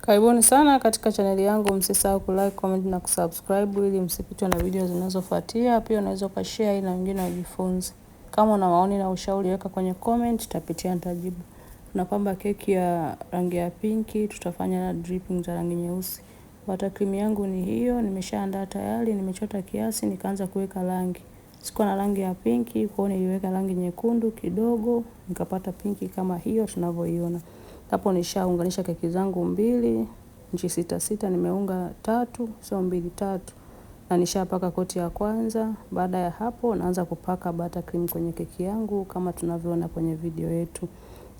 Karibuni sana katika chaneli yangu, msisahau like, comment na kusubscribe ili msipitwe na video zinazofuatia. Pia unaweza ukashare ili na wengine wajifunze. Kama una maoni na ushauri, weka kwenye comment, tapitia nitajibu. Tunapamba keki ya rangi ya pinki, tutafanya na dripping za rangi nyeusi. Bata yangu ni hiyo, nimeshaandaa tayari, nimechota kiasi, nikaanza kuweka rangi. Sikuwa na rangi ya pinki, kwa hiyo niliweka rangi nyekundu kidogo, nikapata pinki kama hiyo tunavyoiona. Hapo nishaunganisha keki zangu mbili, nchi sita sita nimeunga tatu, sio mbili tatu. Na nishapaka koti ya kwanza. Baada ya hapo naanza kupaka buttercream kwenye keki yangu kama tunavyoona kwenye video yetu.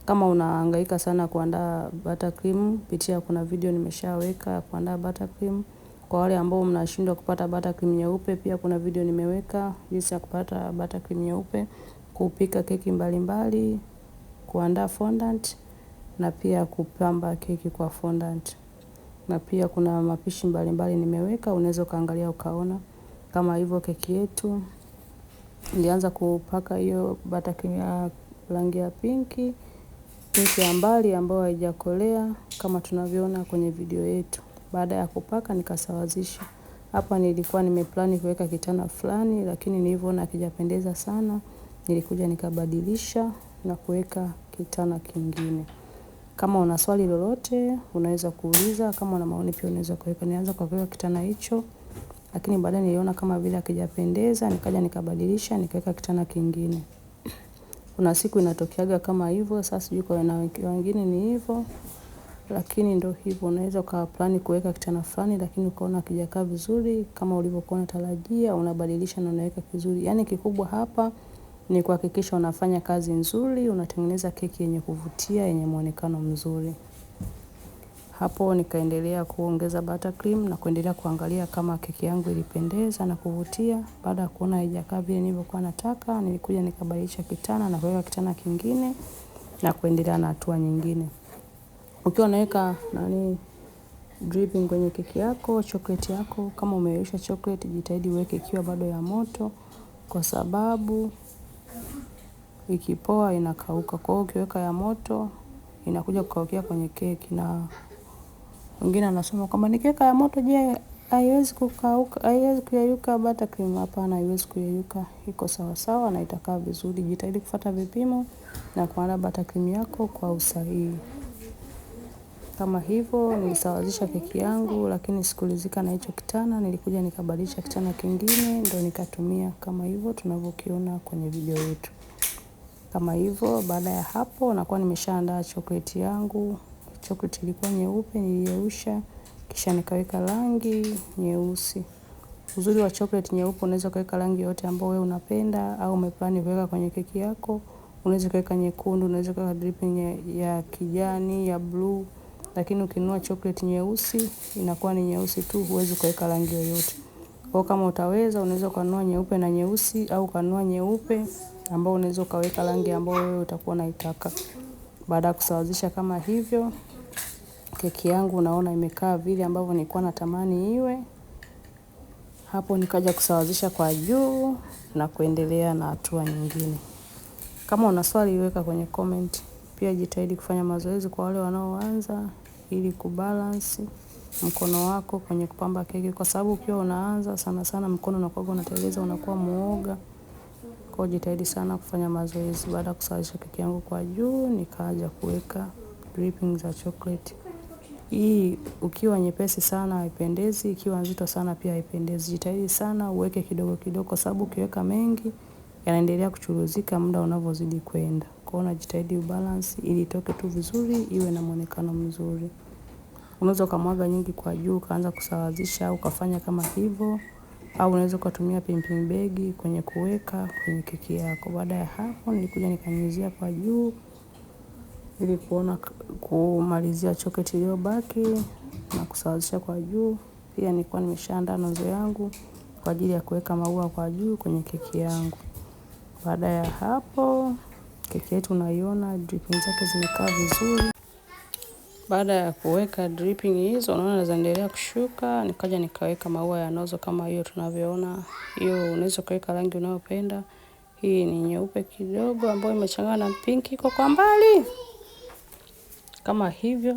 Kama unahangaika sana kuandaa buttercream, pitia kuna video nimeshaweka ya kuandaa buttercream. Kwa wale ambao mnashindwa kupata buttercream nyeupe, pia kuna video nimeweka jinsi ya kupata buttercream nyeupe, kupika keki mbalimbali, kuandaa fondant na pia kupamba keki kwa fondant. Na pia kuna mapishi mbalimbali nimeweka, unaweza ukaangalia ukaona. Kama hivyo keki yetu, nilianza kupaka hiyo buttercream ya rangi ya pinki, pinki ya mbali ambayo haijakolea kama tunavyoona kwenye video yetu. Baada ya kupaka nikasawazisha. Hapa nilikuwa nimeplani kuweka kitana fulani, lakini nilivyoona hakijapendeza sana, nilikuja nikabadilisha na kuweka kitana kingine. Kama una swali lolote unaweza kuuliza, kama una maoni pia unaweza kuweka. Nianza kwa kuweka kitana hicho, lakini baadaye niliona kama vile akijapendeza, nikaja nikabadilisha, nikaweka kitana kingine. Kuna siku inatokeaga kama hivyo, sasa sijui kwa wana wengine ni hivyo, lakini ndio hivyo, unaweza kwa plan kuweka kitana fulani, lakini ukaona akijakaa vizuri kama ulivyokuwa unatarajia, unabadilisha na unaweka kizuri. Yani kikubwa hapa ni kuhakikisha unafanya kazi nzuri, unatengeneza keki yenye kuvutia, yenye muonekano mzuri. Hapo nikaendelea kuongeza buttercream na kuendelea kuangalia kama keki yangu ilipendeza na kuvutia. Baada ya kuona haijakaa vile nilivyokuwa nataka, nilikuja nikabadilisha kitana na kuweka kitana kingine na kuendelea na hatua nyingine. Ukiwa unaweka nani dripping kwenye keki yako, chocolate yako, kama umeisha chocolate jitahidi uweke ikiwa bado ya moto kwa sababu ikipoa inakauka. Kwa hiyo ukiweka ya moto inakuja kukaukia kwenye keki, na wengine anasema kwamba nikiweka ya moto, je, haiwezi kukauka? Haiwezi kuyayuka bata cream? Hapana, haiwezi kuyayuka, iko sawa sawa na itakaa vizuri. Jitahidi kufata vipimo na bata cream yako kwa usahihi. Kama hivyo nilisawazisha keki yangu, lakini sikulizika na hicho kitana. Nilikuja nikabadilisha kitana kingine, ndo nikatumia kama hivyo tunavyokiona kwenye video yetu. Kama hivyo, baada ya hapo, nakuwa nimeshaandaa chokoleti yangu. Chokoleti ilikuwa nyeupe, niliyeusha, kisha nikaweka rangi, nyeusi. Uzuri wa chokoleti nyeupe, unaweza ukaweka rangi yoyote ambayo wewe unapenda, au umeplani kuweka kwenye keki yako, unaweza ukaweka nyekundu, unaweza ukaweka dripping ya kijani, ya blue, lakini ukinunua chokoleti nyeusi, inakuwa ni nyeusi tu, huwezi ukaweka rangi yoyote. Kwa kama utaweza, unaweza ukanunua nyeupe na nyeusi, au ukanunua nyeupe ambao unaweza ukaweka rangi ambayo wewe utakuwa unaitaka. Baada ya kusawazisha kama hivyo, keki yangu unaona imekaa vile ambavyo nilikuwa natamani iwe. Hapo nikaja kusawazisha kwa juu na kuendelea na hatua nyingine. Kama una swali iweka kwenye comment. Pia jitahidi kufanya mazoezi kwa wale wanaoanza ili kubalance mkono wako kwenye kupamba keki, kwa sababu ukiwa unaanza sana sana mkono unakuwa unateleza, unakuwa muoga nikawa jitahidi sana kufanya mazoezi baada ya kusawazisha keki yangu kwa juu nikaja kuweka dripping za chocolate. Hii ukiwa nyepesi sana haipendezi, ikiwa nzito sana pia haipendezi. Jitahidi sana uweke kidogo kidogo kwa sababu ukiweka mengi yanaendelea kuchuruzika muda unavozidi kwenda Kwa hiyo unajitahidi ubalance ili itoke tu vizuri iwe na muonekano mzuri. Unaweza ukamwaga nyingi kwa juu ukaanza kusawazisha ukafanya kama hivo au unaweza ukatumia pimping begi kwenye kuweka kwenye keki yako. Baada ya hapo, nilikuja nikanyunyizia kwa juu ili kuona kumalizia choketi iliyobaki na kusawazisha kwa juu. Pia nilikuwa nimeshaandaa nozo yangu kwa ajili ya kuweka maua kwa juu kwenye keki yangu. Baada ya hapo, keki yetu unaiona dripping zake zimekaa vizuri. Baada ya kuweka dripping hizo, unaona zinaendelea kushuka, nikaja nikaweka maua ya nozo kama hiyo tunavyoona. Hiyo unaweza kuweka rangi unayopenda. Hii ni nyeupe kidogo ambayo imechangana na pink iko kwa mbali kama hivyo.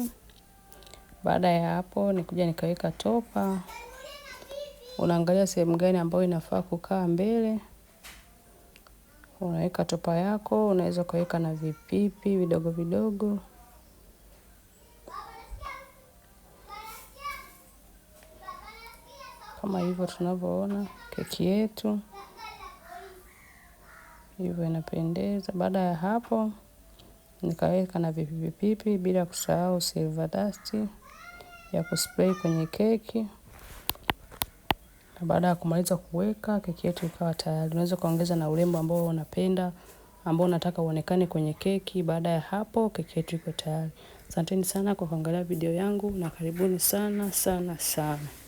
Baada ya hapo, nikuja nikaweka topa. Unaangalia sehemu gani ambayo inafaa kukaa mbele, unaweka topa yako. Unaweza ukaweka na vipipi vidogo vidogo. kama hivyo tunavyoona keki yetu hivyo inapendeza. Baada ya hapo, nikaweka na vipipipipi bila kusahau silver dust ya kuspray kwenye keki. na Baada ya kumaliza kuweka keki yetu ikawa tayari. Unaweza kuongeza na urembo ambao unapenda, ambao unataka uonekane kwenye keki. Baada ya hapo, keki yetu iko tayari. Asanteni sana kwa kuangalia video yangu na karibuni sana sana sana.